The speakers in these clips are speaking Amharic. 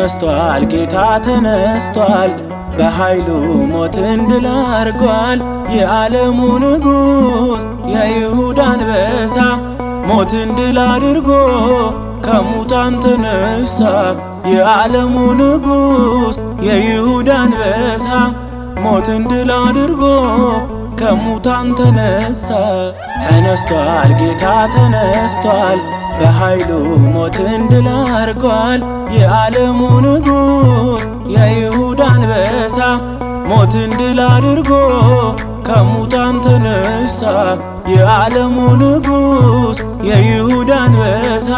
ተነስቷል፣ ጌታ ተነስቷል፣ በኃይሉ ሞትን ድል አርጓል። የዓለሙ ንጉሥ የይሁዳ አንበሳ ሞትን ድል አድርጎ ከሙታን ተነሳ። የዓለሙ ንጉሥ የይሁዳ አንበሳ ሞትን ድል አድርጎ ከሙታን ተነሳ። ተነስቷል፣ ጌታ ተነስቷል፣ በኃይሉ ሞትን ድል አርጓል። የዓለሙ ንጉሥ የይሁዳ አንበሳ ሞትን ድል አድርጎ ከሙታን ተነሳ። የዓለሙ ንጉሥ የይሁዳ አንበሳ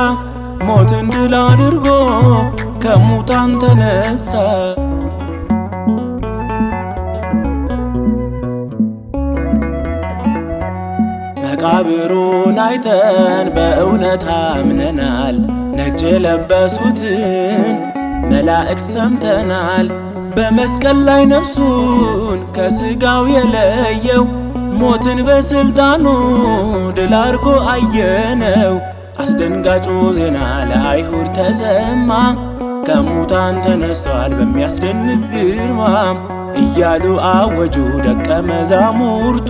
ሞትን ድል አድርጎ ከሙታን ተነሳ። መቃብሩን አይተን በእውነት አምነናል። ነጭ የለበሱትን መላእክት ሰምተናል። በመስቀል ላይ ነፍሱን ከስጋው የለየው ሞትን በስልጣኑ ድል አድርጎ አየነው። አስደንጋጩ ዜና ለአይሁድ ተሰማ፣ ከሙታን ተነስቷል በሚያስደንቅ ግርማ እያሉ አወጁ ደቀ መዛሙርቱ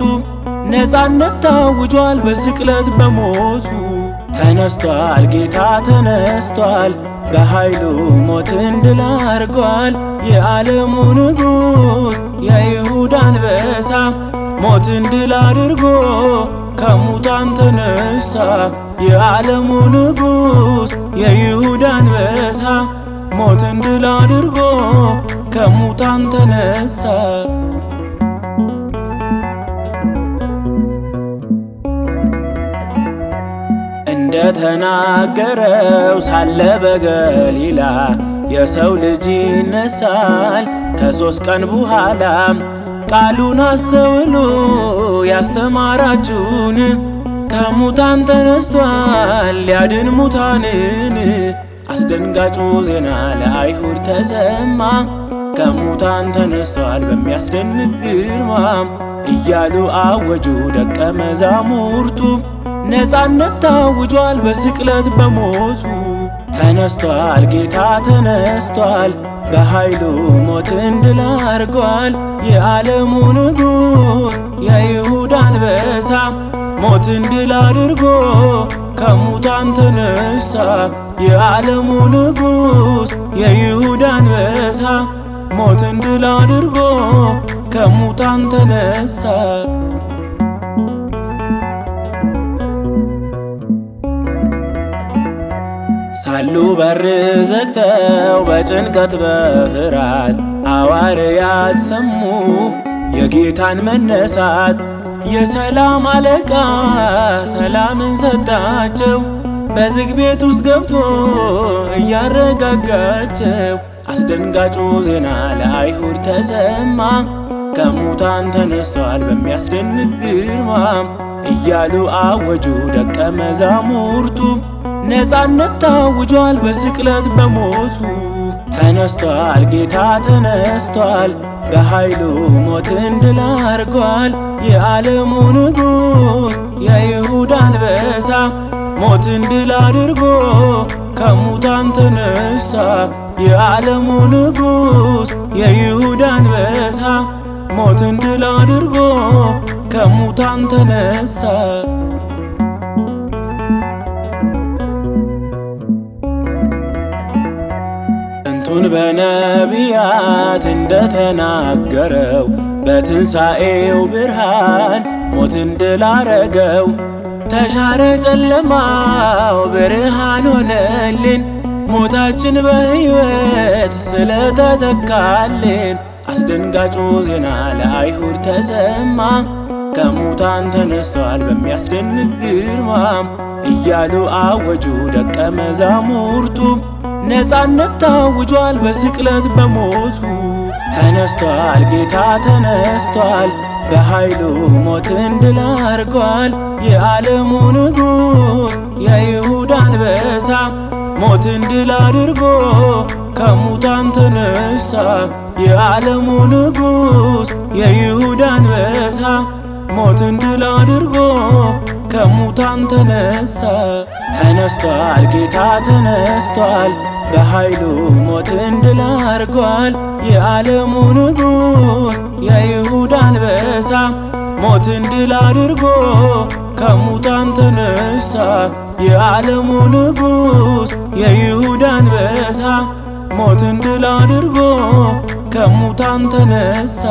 ነፃነት ታውጇል በስቅለት በሞቱ ተነስቷል ጌታ ተነስቷል በኃይሉ ሞትን ድል አርጓል የዓለሙ ንጉሥ የይሁዳ አንበሳ ሞትን ድል አድርጎ ከሙታን ተነሳ የዓለሙ ንጉሥ የይሁዳ አንበሳ ሞትን ድል አድርጎ ከሙታን ተነሳ እንደተናገረው ሳለ በገሊላ የሰው ልጅ ይነሳል ከሶስት ቀን በኋላ። ቃሉን አስተውሉ ያስተማራችሁን፣ ከሙታን ተነስቷል ሊያድን ሙታንን። አስደንጋጩ ዜና ለአይሁድ ተሰማ፣ ከሙታን ተነስቷል በሚያስደንቅ ግርማ እያሉ አወጁ ደቀ መዛሙርቱ ነፃነት ታውጇል በስቅለት በሞቱ ተነስቷል ጌታ ተነስቷል በኃይሉ ሞትን ድል አርጓል የዓለሙ ንጉሥ የይሁዳ አንበሳ ሞትን ድል አድርጎ ከሙታን ተነሳ የዓለሙ ንጉሥ የይሁዳ አንበሳ ሞትን ድል አድርጎ ከሙታን ተነሳ ያሉ በር ዘግተው በጭንቀት በፍራት ሐዋርያት ሰሙ የጌታን መነሳት። የሰላም አለቃ ሰላምን ሰጣቸው። በዝግ ቤት ውስጥ ገብቶ እያረጋጋቸው። አስደንጋጩ ዜና ለአይሁድ ተሰማ። ከሙታን ተነስቷል በሚያስደንቅ ግርማ እያሉ አወጁ ደቀ መዛሙርቱም ነፃነት ታውጇል በስቅለት በሞቱ ተነስቷል ጌታ ተነስቷል በኃይሉ ሞትን ድል አርጓል የዓለሙ ንጉሥ የይሁዳ አንበሳ ሞትን ድል አድርጎ ከሙታን ተነሳ የዓለሙ ንጉሥ የይሁዳ አንበሳ ሞትን ድል አድርጎ ከሙታን ተነሳ እርሱን በነቢያት እንደተናገረው በትንሣኤው ብርሃን ሞትን ድል አረገው። ተሻረ ጨለማው ብርሃን ሆነልን፣ ሞታችን በሕይወት ስለተተካልን። አስደንጋጩ ዜና ለአይሁድ ተሰማ፣ ከሙታን ተነስቷል በሚያስደንቅ ግርማም እያሉ አወጁ ደቀ መዛሙርቱ ነፃነት ታውጇል በስቅለት በሞቱ ተነስቷል ጌታ ተነስቷል በኃይሉ ሞትን ድል አርጓል የዓለሙ ንጉሥ የይሁዳ አንበሳ ሞትን ድል አድርጎ ከሙታን ተነሳ የዓለሙ ንጉሥ የይሁዳ አንበሳ ሞትን ድል አድርጎ ከሙታን ተነሳ። ተነስቷል ጌታ ተነስቷል፣ በኃይሉ ሞትን ድል አርጓል። የዓለሙ ንጉሥ የይሁዳ አንበሳ ሞትን ድል አድርጎ ከሙታን ተነሳ። የዓለሙ ንጉሥ የይሁዳ አንበሳ ሞትን ድል አድርጎ ከሙታን ተነሳ።